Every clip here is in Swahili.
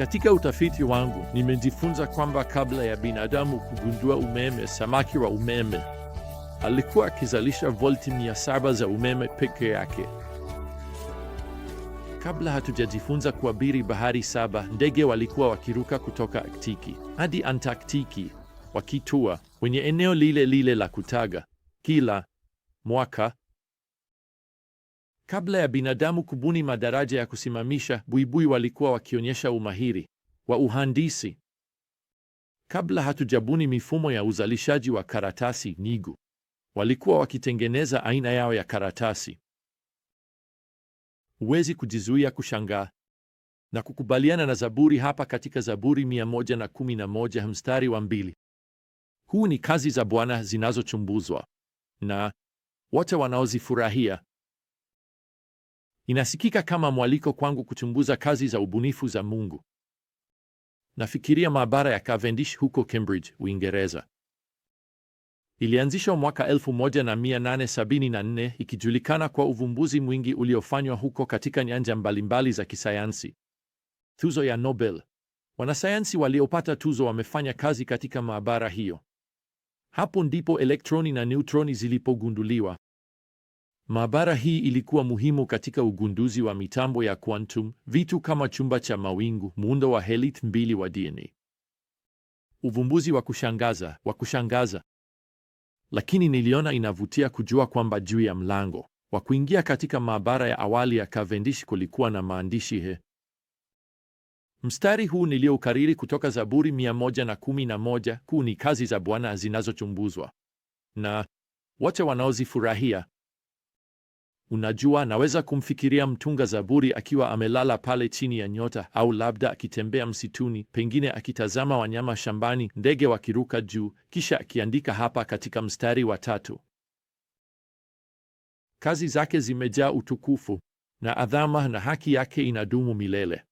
Katika utafiti wangu nimejifunza kwamba kabla ya binadamu kugundua umeme, samaki wa umeme alikuwa akizalisha volti mia saba za umeme peke yake. Kabla hatujajifunza kuabiri bahari saba, ndege walikuwa wakiruka kutoka Aktiki hadi Antaktiki wakitua kwenye eneo lile lile la kutaga kila mwaka. Kabla ya binadamu kubuni madaraja ya kusimamisha, buibui walikuwa wakionyesha umahiri wa uhandisi. Kabla hatujabuni mifumo ya uzalishaji wa karatasi, nigu walikuwa wakitengeneza aina yao ya karatasi. Huwezi kujizuia kushangaa na kukubaliana na Zaburi hapa katika Zaburi 111 mstari wa mbili, huu ni kazi za Bwana zinazochumbuzwa na wote wanaozifurahia. Inasikika kama mwaliko kwangu kuchunguza kazi za ubunifu za Mungu. Nafikiria maabara ya Cavendish huko Cambridge, Uingereza. Ilianzishwa mwaka 1874 ikijulikana kwa uvumbuzi mwingi uliofanywa huko katika nyanja mbalimbali za kisayansi. Tuzo ya Nobel. Wanasayansi waliopata tuzo wamefanya kazi katika maabara hiyo. Hapo ndipo elektroni na neutroni zilipogunduliwa. Maabara hii ilikuwa muhimu katika ugunduzi wa mitambo ya quantum, vitu kama chumba cha mawingu, muundo wa helit mbili wa DNA. Uvumbuzi wa kushangaza wa kushangaza. Lakini niliona inavutia kujua kwamba juu ya mlango wa kuingia katika maabara ya awali ya Cavendish kulikuwa na maandishi he. Mstari huu niliyoukariri kutoka Zaburi 111 kuu ni kazi za Bwana zinazochumbuzwa na wote wanaozifurahia. Unajua, naweza kumfikiria mtunga zaburi akiwa amelala pale chini ya nyota, au labda akitembea msituni, pengine akitazama wanyama shambani, ndege wakiruka juu, kisha akiandika hapa katika mstari wa tatu: kazi zake zimejaa utukufu na adhama, na haki yake inadumu milele.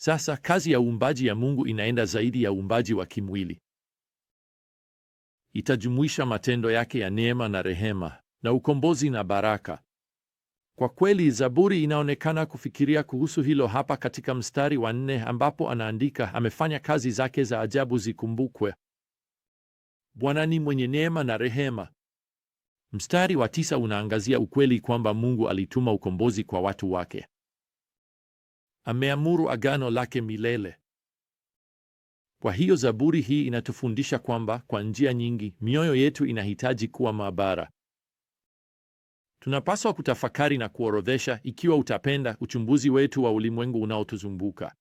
Sasa kazi ya uumbaji ya Mungu inaenda zaidi ya uumbaji wa kimwili. Itajumuisha matendo yake ya neema na rehema na ukombozi na baraka. Kwa kweli, Zaburi inaonekana kufikiria kuhusu hilo hapa katika mstari wa nne ambapo anaandika, amefanya kazi zake za ajabu zikumbukwe. Bwana ni mwenye neema na rehema. Mstari wa tisa unaangazia ukweli kwamba Mungu alituma ukombozi kwa watu wake. Ameamuru agano lake milele. Kwa hiyo Zaburi hii inatufundisha kwamba kwa njia nyingi mioyo yetu inahitaji kuwa maabara Tunapaswa kutafakari na kuorodhesha, ikiwa utapenda, uchumbuzi wetu wa ulimwengu unaotuzunguka.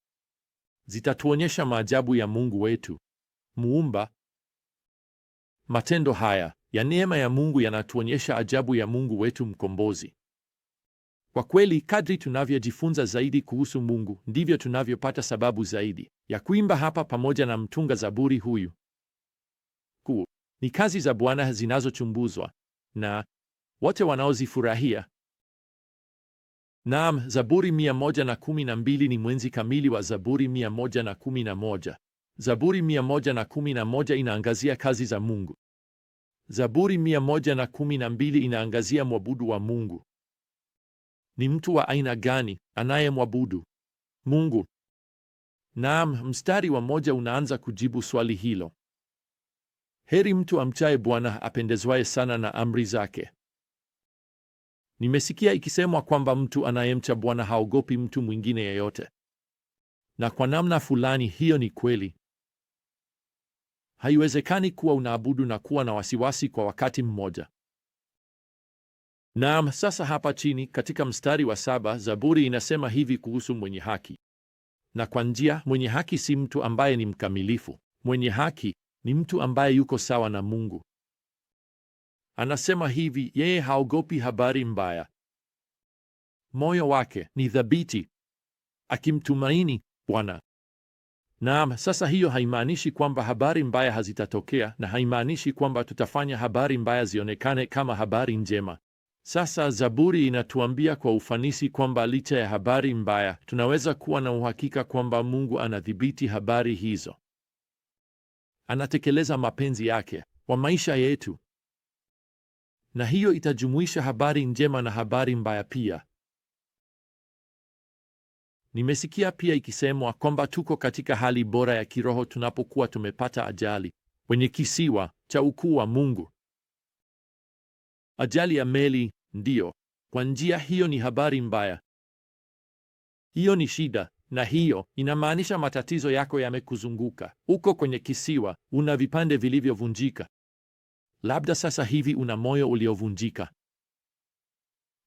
Zitatuonyesha maajabu ya Mungu wetu Muumba. Matendo haya ya neema ya Mungu yanatuonyesha ajabu ya Mungu wetu mkombozi. Kwa kweli, kadri tunavyojifunza zaidi kuhusu Mungu, ndivyo tunavyopata sababu zaidi ya kuimba hapa pamoja na mtunga zaburi huyu kuu. Ni kazi za Bwana zinazochumbuzwa na wote wanaozifurahia. Naam, Zaburi 112 ni mwenzi kamili wa Zaburi 111. Zaburi 111 inaangazia kazi za Mungu. Zaburi 112 inaangazia mwabudu wa Mungu. Ni mtu wa aina gani anayemwabudu Mungu? Naam, mstari wa moja unaanza kujibu swali hilo. Heri mtu amchaye Bwana apendezwaye sana na amri zake. Nimesikia ikisemwa kwamba mtu anayemcha Bwana haogopi mtu mwingine yeyote, na kwa namna fulani hiyo ni kweli. Haiwezekani kuwa unaabudu na kuwa na wasiwasi kwa wakati mmoja. Naam, sasa hapa chini katika mstari wa saba Zaburi inasema hivi kuhusu mwenye haki. Na kwa njia, mwenye haki si mtu ambaye ni mkamilifu. Mwenye haki ni mtu ambaye yuko sawa na Mungu. Anasema hivi, yeye haogopi habari mbaya, moyo wake ni thabiti akimtumaini Bwana. Naam, sasa hiyo haimaanishi kwamba habari mbaya hazitatokea na haimaanishi kwamba tutafanya habari mbaya zionekane kama habari njema. Sasa Zaburi inatuambia kwa ufanisi kwamba licha ya habari mbaya, tunaweza kuwa na uhakika kwamba Mungu anadhibiti habari hizo, anatekeleza mapenzi yake kwa maisha yetu na hiyo itajumuisha habari njema na habari mbaya pia. Nimesikia pia ikisemwa kwamba tuko katika hali bora ya kiroho tunapokuwa tumepata ajali kwenye kisiwa cha ukuu wa Mungu. Ajali ya meli, ndiyo. Kwa njia hiyo ni habari mbaya, hiyo ni shida, na hiyo inamaanisha matatizo yako yamekuzunguka. Uko kwenye kisiwa, una vipande vilivyovunjika Labda sasa hivi una moyo uliovunjika.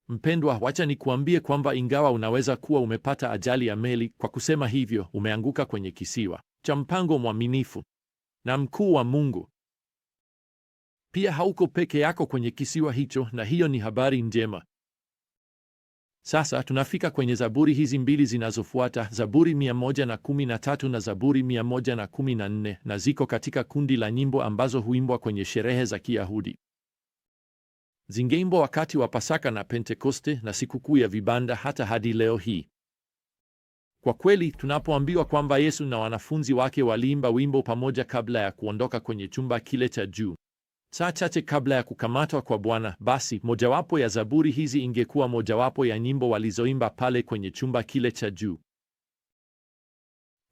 Mpendwa, wacha nikuambie kwamba ingawa unaweza kuwa umepata ajali ya meli, kwa kusema hivyo umeanguka kwenye kisiwa cha mpango mwaminifu na mkuu wa Mungu. Pia hauko peke yako kwenye kisiwa hicho, na hiyo ni habari njema. Sasa tunafika kwenye zaburi hizi mbili zinazofuata, Zaburi 113 na Zaburi 114, na ziko katika kundi la nyimbo ambazo huimbwa kwenye sherehe za Kiyahudi. Zingeimbwa wakati wa Pasaka na Pentekoste na sikukuu ya vibanda hata hadi leo hii. Kwa kweli, tunapoambiwa kwamba Yesu na wanafunzi wake waliimba wimbo pamoja kabla ya kuondoka kwenye chumba kile cha juu Saa chache kabla ya kukamatwa kwa Bwana, basi mojawapo ya zaburi hizi ingekuwa mojawapo ya nyimbo walizoimba pale kwenye chumba kile cha juu.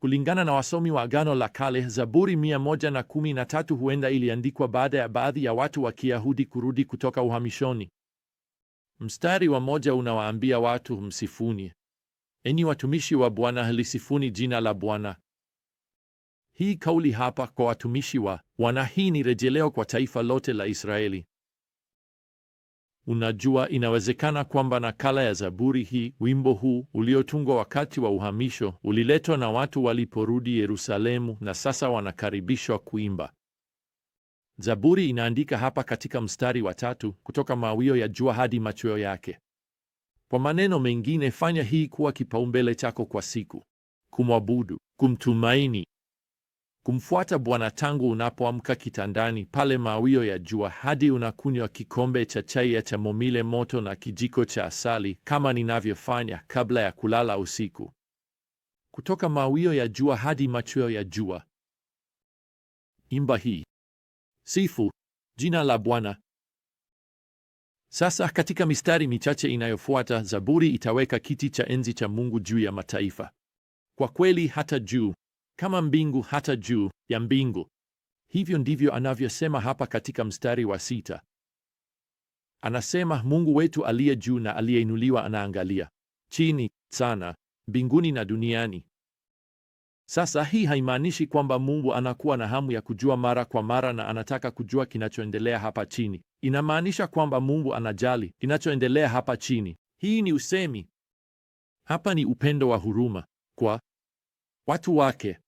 Kulingana na wasomi wa Agano la Kale, Zaburi 113 huenda iliandikwa baada ya baadhi ya watu wa Kiyahudi kurudi kutoka uhamishoni. Mstari wa moja unawaambia watu, msifuni enyi watumishi wa Bwana, lisifuni jina la Bwana hii kauli hapa kwa watumishi wa Bwana, hii ni rejeleo kwa taifa lote la Israeli. Unajua, inawezekana kwamba nakala ya Zaburi hii, wimbo huu uliotungwa wakati wa uhamisho, uliletwa na watu waliporudi Yerusalemu, na sasa wanakaribishwa kuimba. Zaburi inaandika hapa katika mstari wa tatu, kutoka mawio ya jua hadi machweo yake. Kwa maneno mengine, fanya hii kuwa kipaumbele chako kwa siku: kumwabudu, kumtumaini, kumfuata Bwana tangu unapoamka kitandani pale mawio ya jua hadi unakunywa kikombe cha chai ya chamomile moto na kijiko cha asali, kama ninavyofanya kabla ya kulala usiku. Kutoka mawio ya jua hadi machweo ya jua. Imba hii, sifu jina la Bwana. Sasa katika mistari michache inayofuata, Zaburi itaweka kiti cha enzi cha Mungu juu ya mataifa, kwa kweli hata juu kama mbingu hata juu ya mbingu. Hivyo ndivyo anavyosema hapa katika mstari wa sita. Anasema Mungu wetu aliye juu na aliyeinuliwa anaangalia chini sana mbinguni na duniani. Sasa hii haimaanishi kwamba Mungu anakuwa na hamu ya kujua mara kwa mara na anataka kujua kinachoendelea hapa chini. Inamaanisha kwamba Mungu anajali kinachoendelea hapa chini. Hii ni usemi hapa, ni upendo wa huruma kwa watu wake.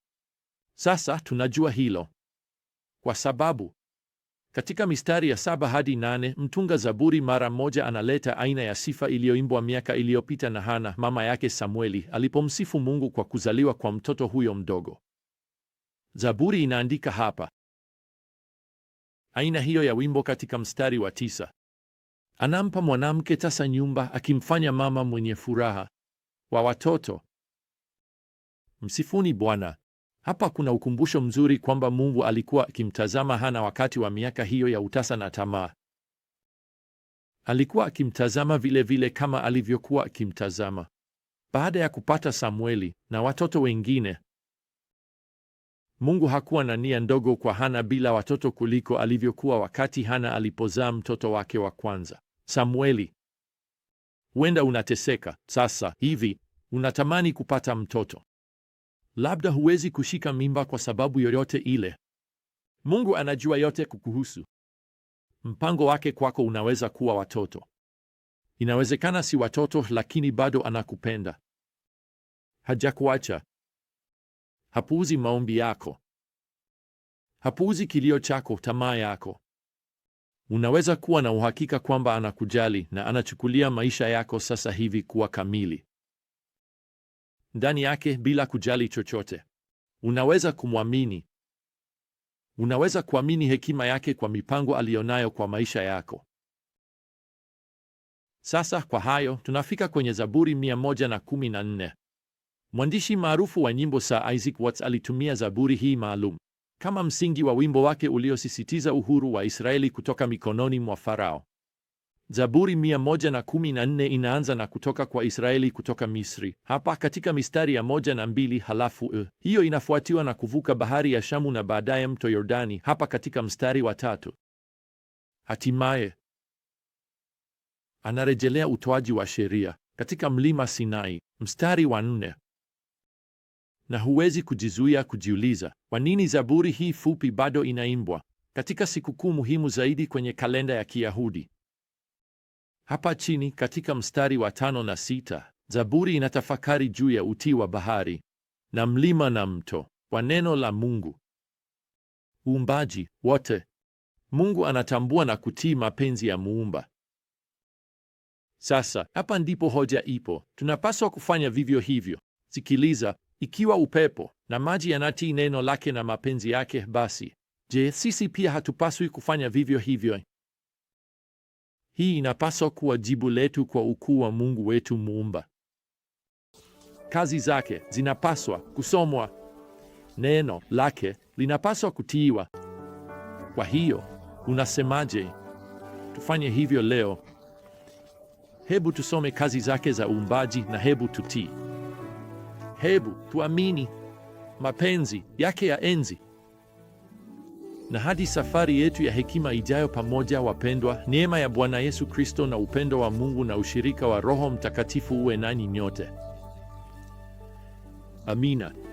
Sasa tunajua hilo kwa sababu katika mistari ya saba hadi nane mtunga zaburi mara moja analeta aina ya sifa iliyoimbwa miaka iliyopita na Hana mama yake Samueli alipomsifu Mungu kwa kuzaliwa kwa mtoto huyo mdogo. Zaburi inaandika hapa aina hiyo ya wimbo katika mstari wa tisa: anampa mwanamke tasa nyumba, akimfanya mama mwenye furaha wa watoto. Msifuni Bwana. Hapa kuna ukumbusho mzuri kwamba Mungu alikuwa akimtazama Hana wakati wa miaka hiyo ya utasa na tamaa. Alikuwa akimtazama vile vile kama alivyokuwa akimtazama baada ya kupata Samueli na watoto wengine. Mungu hakuwa na nia ndogo kwa Hana bila watoto kuliko alivyokuwa wakati Hana alipozaa mtoto wake wa kwanza, Samueli. Huenda unateseka sasa hivi, unatamani kupata mtoto Labda huwezi kushika mimba kwa sababu yoyote ile. Mungu anajua yote kukuhusu. Mpango wake kwako unaweza kuwa watoto. Inawezekana si watoto, lakini bado anakupenda. Hajakuacha. Hapuuzi maombi yako. Hapuuzi kilio chako, tamaa yako. Unaweza kuwa na uhakika kwamba anakujali na anachukulia maisha yako sasa hivi kuwa kamili ndani yake bila kujali chochote. Unaweza kumwamini, unaweza kuamini hekima yake kwa mipango aliyonayo kwa maisha yako. Sasa kwa hayo tunafika kwenye Zaburi 114. Mwandishi maarufu wa nyimbo Sir Isaac Watts alitumia zaburi hii maalum kama msingi wa wimbo wake uliosisitiza uhuru wa Israeli kutoka mikononi mwa Farao. Zaburi 114 inaanza na kutoka kwa Israeli kutoka Misri, hapa katika mistari ya moja na mbili halafu e. Hiyo inafuatiwa na kuvuka bahari ya Shamu na baadaye mto Yordani, hapa katika mstari wa tatu. Hatimaye anarejelea utoaji wa sheria katika mlima Sinai, mstari wa nne. Na huwezi kujizuia kujiuliza kwa nini zaburi hii fupi bado inaimbwa katika sikukuu muhimu zaidi kwenye kalenda ya Kiyahudi. Hapa chini katika mstari wa tano na sita, Zaburi inatafakari juu ya utii wa bahari na mlima na mto kwa neno la Mungu. Uumbaji wote, Mungu anatambua na kutii mapenzi ya Muumba. Sasa hapa ndipo hoja ipo, tunapaswa kufanya vivyo hivyo. Sikiliza, ikiwa upepo na maji yanatii neno lake na mapenzi yake, basi je, sisi pia hatupaswi kufanya vivyo hivyo? Hii inapaswa kuwa jibu letu kwa ukuu wa Mungu wetu Muumba. Kazi zake zinapaswa kusomwa, neno lake linapaswa kutiiwa. Kwa hiyo unasemaje? Tufanye hivyo leo. Hebu tusome kazi zake za uumbaji na hebu tutii. Hebu tuamini mapenzi yake ya enzi. Na hadi safari yetu ya hekima ijayo pamoja, wapendwa, neema ya Bwana Yesu Kristo na upendo wa Mungu na ushirika wa Roho Mtakatifu uwe nanyi nyote. Amina.